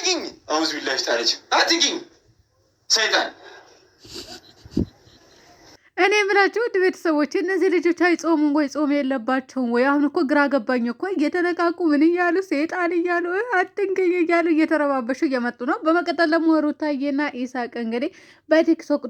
አትግኝ፣ አውዝ ቢላሽ ጣለች። አትግኝ ሰይጣን። እኔ የምላችሁ ውድ ቤተሰቦች እነዚህ ልጆች አይጾሙም ወይ? ጾም የለባቸውም ወይ? አሁን እኮ ግራ ገባኝ እኮ። እየተነቃቁ ምን እያሉ ሴጣን እያሉ አትንገኝ እያሉ እየተረባበሹ እየመጡ ነው። በመቀጠል ደግሞ ሩታዬና ኢሳቅ እንግዲህ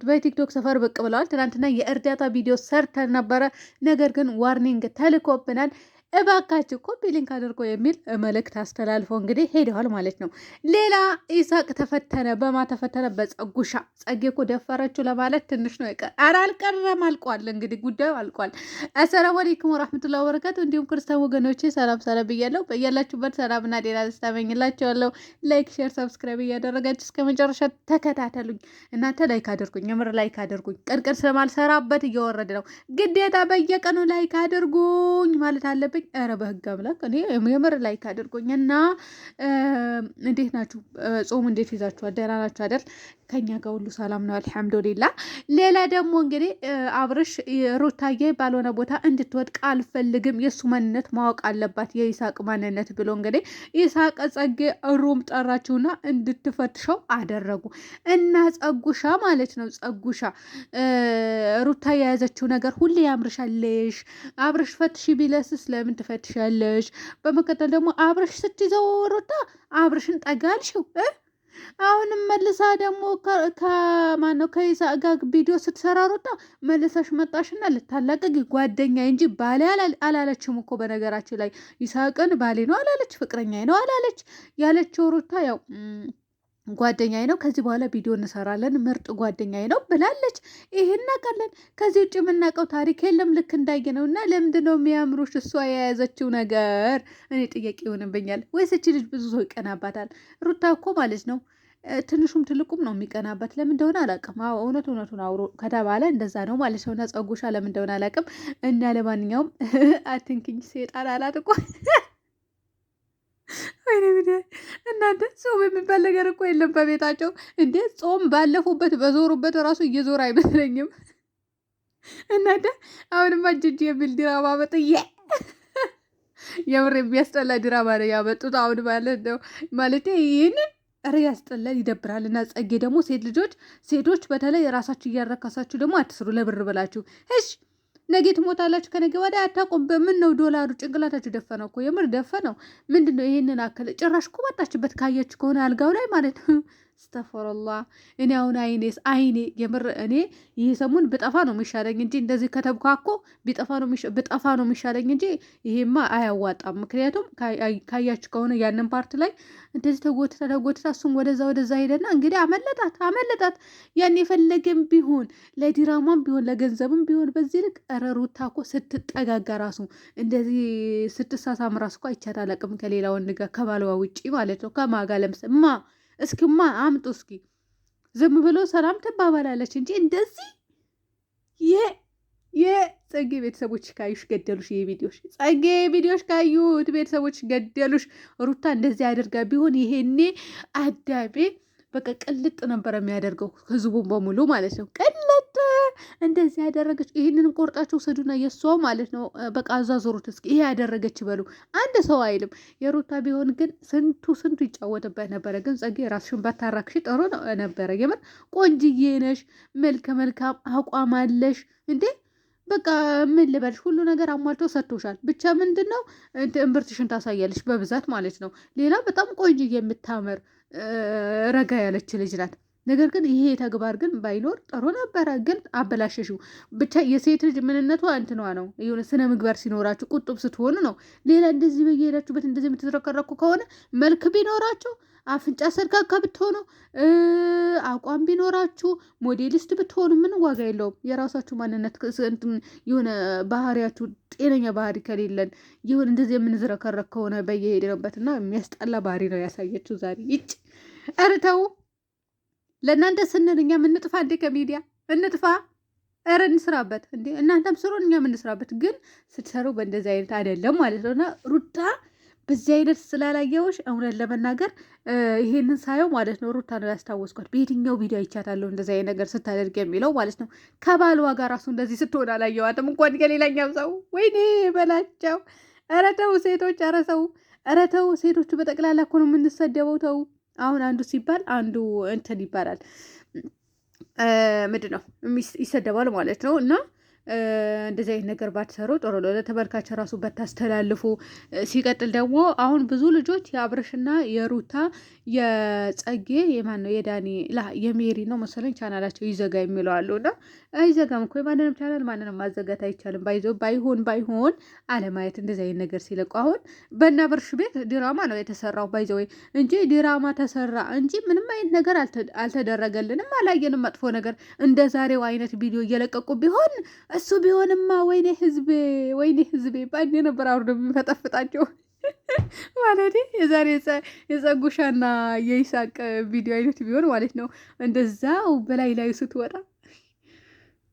በቲክቶክ ሰፈር ብቅ ብለዋል። ትናንትና የእርዳታ ቪዲዮ ሰርተን ነበረ፣ ነገር ግን ዋርኒንግ ተልኮብናል። እባካችሁ ኮፒ ሊንክ አድርጎ የሚል መልእክት አስተላልፎ እንግዲህ ሄደዋል ማለት ነው። ሌላ ኢሳቅ ተፈተነ። በማ ተፈተነ? በጸጉሻ ፀጌ እኮ ደፈረችው ለማለት ትንሽ ነው ይቀር። ኧረ አልቀረም፣ አልቋል። እንግዲህ ጉዳዩ አልቋል። አሰላሙ አለይኩም ወራህመቱላሂ ወበረካቱ። እንዲሁም ክርስቲያን ወገኖቼ ሰላም ሰላም ብያለሁ። በያላችሁበት ሰላምና ጤና ደስታ እመኝላችኋለሁ። ላይክ፣ ሼር፣ ሰብስክራይብ እያደረጋችሁ እስከ መጨረሻ ተከታተሉኝ። እናንተ ላይክ አድርጉኝ፣ የምር ላይክ አድርጉኝ። ቀን ስለማልሰራበት እየወረደ ነው ግዴታ፣ በየቀኑ ላይክ አድርጉኝ ማለት አለብኝ። አደረገኝ። ኧረ በህግ አምላክ እኔ የምር ላይክ አድርጎኝ እና እንዴት ናችሁ? ጾሙ እንዴት ይዛችኋል? ደህና ናችሁ አይደል? ከኛ ጋር ሁሉ ሰላም ነው አልሐምዱሊላ። ሌላ ደግሞ እንግዲህ አብርሽ ሩታዬ ባልሆነ ቦታ እንድትወድቅ አልፈልግም፣ የእሱ ማንነት ማወቅ አለባት የኢሳቅ ማንነት ብሎ እንግዲህ ኢሳቅ ጸጌ ሩም ጠራችሁና እንድትፈትሸው አደረጉ እና ጸጉሻ ማለት ነው ጸጉሻ ሩታ የያዘችው ነገር ሁሌ ያምርሻለሽ አብርሽ ፈትሽ ቢለስስ ለምን ለምን ትፈትሻለሽ? በመቀጠል ደግሞ አብረሽ ስትይዘው ሩታ አብረሽን ጠጋልሽው። አሁንም መልሳ ደግሞ ከማነው ከይሳ ጋር ቪዲዮ ስትሰራ ሩታ መልሳሽ መጣሽና ልታላቀቅ ጓደኛ እንጂ ባሌ አላለችም እኮ በነገራችን ላይ ይሳቅን ባሌ ነው አላለች፣ ፍቅረኛ ነው አላለች ያለችው ሩታ ያው ጓደኛዬ ነው። ከዚህ በኋላ ቪዲዮ እንሰራለን። ምርጥ ጓደኛዬ ነው ብላለች። ይሄ እናውቃለን። ከዚህ ውጭ የምናውቀው ታሪክ የለም። ልክ እንዳየ ነው። እና ለምንድን ነው የሚያምሩሽ? እሷ የያዘችው ነገር እኔ ጥያቄ ይሆንብኛል። ወይስ እቺ ልጅ ብዙ ሰው ይቀናባታል። ሩታ እኮ ማለት ነው ትንሹም ትልቁም ነው የሚቀናበት። ለምን እንደሆነ አላውቅም። አዎ እውነት እውነቱን አውሮ ከተባለ እንደዛ ነው ማለት ነው። እና ጸጉሻ ለምን እንደሆነ አላውቅም። እና ለማንኛውም አትንክኝ ሴጣን አላጥቆ እናንተ ጾም የሚባል ነገር እኮ የለም በቤታቸው እንዴ! ጾም ባለፉበት በዞሩበት እራሱ እየዞር አይመስለኝም። እናንተ አሁንማ ጅጅ የሚል ድራማ በጥዬ የምር የሚያስጠላ ድራማ ነው ያመጡት። አሁን ማለት ነው ማለት ይህን ኧረ ያስጠላል፣ ይደብራል። እና ጸጌ ደግሞ ሴት ልጆች ሴቶች በተለይ ራሳችሁ እያረካሳችሁ ደግሞ አትስሩ ለብር ብላችሁ እሺ ነገ ትሞታላችሁ፣ ከነገ ወዲያ አታውቁም። በምን ነው ዶላሩ ጭንቅላታችሁ ደፈነው እኮ የምር ደፈነው። ምንድን ነው ይህንን አከለ ጭራሽ እኮ ካየች ከሆነ አልጋው ላይ ማለት ነው ስተፈረላ እኔ አሁን አይኔስ አይኔ የምር እኔ ይህ ሰሙን ብጠፋ ነው የሚሻለኝ እንጂ እንደዚህ ከተብኳኮ ብጠፋ ነው የሚሻለኝ እንጂ ይሄማ አያዋጣም። ምክንያቱም ካያች ከሆነ ያንን ፓርት ላይ እንደዚህ ተጎትታ ተጎትታ እሱም ወደዛ ወደዛ ሄደና እንግዲህ አመለጣት አመለጣት። ያን የፈለገም ቢሆን ለዲራማም ቢሆን ለገንዘብም ቢሆን በዚህ ልክ ረሩታኮ ስትጠጋጋ ራሱ እንደዚህ ስትሳሳም ራሱ እኮ አይቻት አላቅም ከሌላ ወንድ ጋር ከባለዋ ውጪ ማለት ነው ከማጋ ለምስ ማ እስኪማ አምጡ እስኪ ዝም ብሎ ሰላም ትባባላለች እንጂ እንደዚህ የጸጌ ቤተሰቦች ካዩሽ ገደሉሽ። ይህ ቪዲዮሽ ጸጌ ቪዲዮሽ ካዩት ቤተሰቦች ገደሉሽ። ሩታ እንደዚህ አድርጋ ቢሆን ይሄኔ አዳቤ በቃ ቅልጥ ነበረ የሚያደርገው ህዝቡን በሙሉ ማለት ነው። እንደዚህ ያደረገች ይህንንም ቆርጣችሁ ውሰዱና የእሷ ማለት ነው በቃ እዛ ዞሩት እስኪ ይሄ ያደረገች ይበሉ። አንድ ሰው አይልም። የሩታ ቢሆን ግን ስንቱ ስንቱ ይጫወትበት ነበረ። ግን ጸጌ ራስሽን ባታራክሽ ጥሩ ነበረ። የምር ቆንጅዬ ነሽ፣ መልከ መልካም አቋም አለሽ እንዴ በቃ ምን ልበልሽ፣ ሁሉ ነገር አሟልቶ ሰጥቶሻል። ብቻ ምንድን ነው እምብርትሽን ታሳያለሽ በብዛት ማለት ነው። ሌላ በጣም ቆንጆ የምታምር ረጋ ያለች ልጅ ናት። ነገር ግን ይሄ ተግባር ግን ባይኖር ጥሩ ነበረ። ግን አበላሸሽው። ብቻ የሴት ልጅ ምንነቱ እንትኗ ነው የሆነ ስነ ምግባር ሲኖራችሁ ቁጡብ ስትሆኑ ነው። ሌላ እንደዚህ በየሄዳችሁበት እንደዚህ የምትዝረከረኩ ከሆነ መልክ ቢኖራችሁ አፍንጫ ሰድካካ ብትሆኑ አቋም ቢኖራችሁ ሞዴሊስት ብትሆኑ ምን ዋጋ የለውም። የራሳችሁ ማንነት የሆነ ባህሪያችሁ ጤነኛ ባህሪ ከሌለን ይሁን እንደዚህ የምንዝረከረክ ከሆነ በየሄድንበት እና የሚያስጠላ ባህሪ ነው ያሳየችው ዛሬ ይጭ እርተው ለእናንተ ስንል እኛ እንጥፋ እንዴ? ከሚዲያ እንጥፋ? ኧረ እንስራበት እንዴ! እናንተም ስሩን እኛ እንስራበት። ግን ስትሰሩ በእንደዚህ አይነት አይደለም ማለት ነው እና ሩታ በዚህ አይነት ስላላየውሽ እውነት ለመናገር ይሄንን ሳየው ማለት ነው ሩታ ነው ያስታወስኳት። በየትኛው ቪዲዮ አይቻታለሁ እንደዚህ አይነት ነገር ስታደርግ የሚለው ማለት ነው። ከባልዋ ጋር ራሱ እንደዚህ ስትሆን አላየዋትም እንኳን ከሌላኛው ሰው። ወይኔ በላቸው! ኧረ ተው ሴቶች፣ ኧረ ሰው፣ ኧረ ተው ሴቶቹ በጠቅላላ እኮ ነው የምንሰደበው። ተው አሁን አንዱ ሲባል አንዱ እንትን ይባላል ምንድን ነው ይሰደባል ማለት ነው እና እንደዚህ አይነት ነገር ባትሰሩ ጥሩ ነው፣ ለተመልካች ራሱ በታስተላልፉ። ሲቀጥል ደግሞ አሁን ብዙ ልጆች የአብርሽና የሩታ የጸጌ የማን ነው የዳኒ የሜሪ ነው መሰለኝ ቻናላቸው ይዘጋ የሚለው አሉ እና አይዘጋም እኮ የማንንም ቻናል ማንንም ማዘጋት አይቻልም። ባይዘው ባይሆን ባይሆን አለማየት እንደዚህ አይነት ነገር ሲለቁ አሁን በእና ብርሽ ቤት ድራማ ነው የተሰራው ባይዘ ወይ እንጂ ድራማ ተሰራ እንጂ ምንም አይነት ነገር አልተደረገልንም፣ አላየንም መጥፎ ነገር እንደ ዛሬው አይነት ቪዲዮ እየለቀቁ ቢሆን እሱ ቢሆንማ ወይኔ ህዝቤ ወይኔ ህዝቤ በእኔ ነበር አውርዶ የሚፈጠፍጣቸው። ማለት የዛሬ የጸጉሻና የይሳቅ ቪዲዮ አይነት ቢሆን ማለት ነው። እንደዛው በላይ ላይ ስትወጣ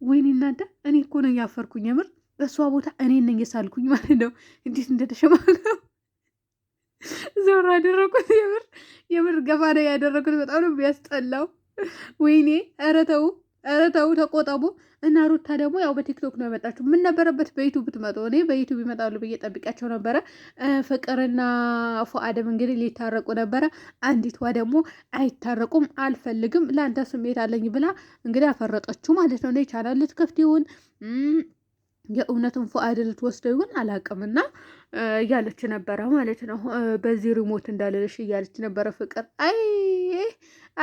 ወይኔ እናንተ፣ እኔ እኮ ነው ያፈርኩኝ። የምር በእሷ ቦታ እኔ ነኝ የሳልኩኝ ማለት ነው። እንዴት እንደተሸማቀው ዞር አደረኩት። የምር የምር ገፋ ነው ያደረኩት። በጣም ነው የሚያስጠላው። ወይኔ ኧረ ተው። ኧረ ተው ተቆጠቡ። እና ሩታ ደግሞ ያው በቲክቶክ ነው የመጣችሁ። ምን ነበረበት በዩቱብ ብትመጡ? እኔ በዩቱብ ይመጣሉ ብዬ ጠብቂያቸው ነበረ። ፍቅርና ፉአድም እንግዲህ ሊታረቁ ነበረ። አንዲቷ ደግሞ አይታረቁም፣ አልፈልግም፣ ለአንተ ስሜት አለኝ ብላ እንግዲህ አፈረጠችው ማለት ነው። ቻናል ልትከፍት ይሁን የእውነትን ፉአድ ልትወስደው ይሁን አላውቅምና እያለች ነበረ ማለት ነው። በዚህ ሪሞት እንዳልልሽ እያለች ነበረ ፍቅር አይ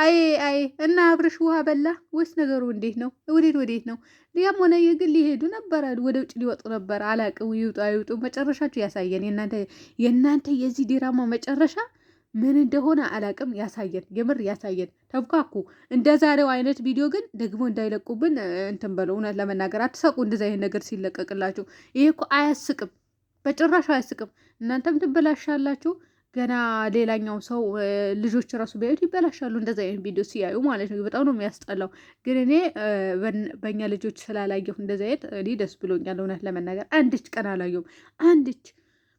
አይ አይ እና አብርሽ ውሃ በላ ወይስ ነገሩ እንዴት ነው? ወዴት ወዴት ነው? ያም ሆነ ይህ ግን ሊሄዱ ነበር፣ ወደ ውጭ ሊወጡ ነበር። አላቅም። ይውጡ አይውጡ መጨረሻቸው ያሳየን። የእናንተ የእናንተ የዚህ ዲራማ መጨረሻ ምን እንደሆነ አላቅም። ያሳየን፣ የምር ያሳየን። ተብካኩ። እንደ ዛሬው አይነት ቪዲዮ ግን ደግሞ እንዳይለቁብን እንትን በለው። እውነት ለመናገር አትሰቁ። እንደዚ አይነት ነገር ሲለቀቅላችሁ ይሄ እኮ አያስቅም፣ በጭራሽ አያስቅም። እናንተም ትበላሻላችሁ። ገና ሌላኛው ሰው ልጆች ራሱ ቢያዩት ይበላሻሉ። እንደዚ አይነት ቪዲዮ ሲያዩ ማለት ነው። በጣም ነው የሚያስጠላው። ግን እኔ በእኛ ልጆች ስላላየሁ እንደዚ አይነት እኔ ደስ ብሎኛል። እውነት ለመናገር አንድች ቀን አላየሁም። አንድች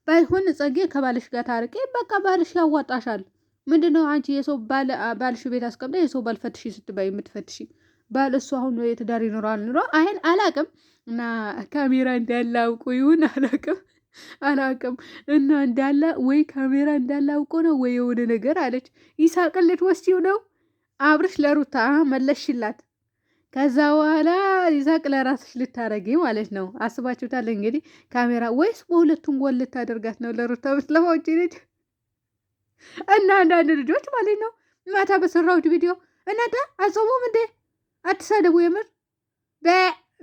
ባይሆን ጸጌ ከባልሽ ጋር ታርቄ በቃ ባልሽ ያዋጣሻል። ምንድን ነው አንቺ የሰው ባልሽ ቤት አስቀምጠ የሰው ባል ፈትሽ ስትባይ የምትፈትሽ ባል እሱ አሁን የትዳር ይኖረዋል ኑሮ አይን አላቅም እና ካሜራ እንዳላውቁ ይሁን አላቅም አላውቅም እና እንዳለ ወይ ካሜራ እንዳለ አውቆ ነው ወይ የሆነ ነገር አለች። ይሳቅን ልትወስጂው ነው አብርሽ ለሩታ መለሽላት። ከዛ በኋላ ይሳቅ ለራስሽ ልታረጊ ማለት ነው። አስባችሁታል እንግዲህ ካሜራ ወይስ በሁለቱም ጎን ልታደርጋት ነው? ለሩታ ብትለፋውጭ ነች እና አንዳንድ ልጆች ማለት ነው ማታ በሰራሁት ቪዲዮ እናንተ አጾሙም እንዴ አትሳደቡ የምር በ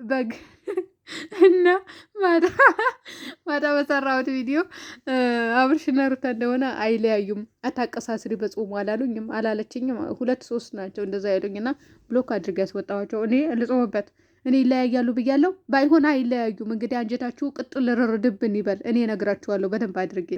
በግ እና ማታ ማታ በሰራሁት ቪዲዮ አብርሽና ሩታ እንደሆነ አይለያዩም። አታቀሳስሪ በጾሙ አላሉኝም አላለችኝም። ሁለት ሶስት ናቸው እንደዛ ያሉኝ እና ብሎክ አድርግ ያስወጣኋቸው። እኔ ልጾምበት እኔ ይለያያሉ ብያለሁ። ባይሆን አይለያዩም። እንግዲህ አንጀታችሁ ቅጥል ርርድብን ይበል። እኔ ነግራችኋለሁ በደንብ አድርጌ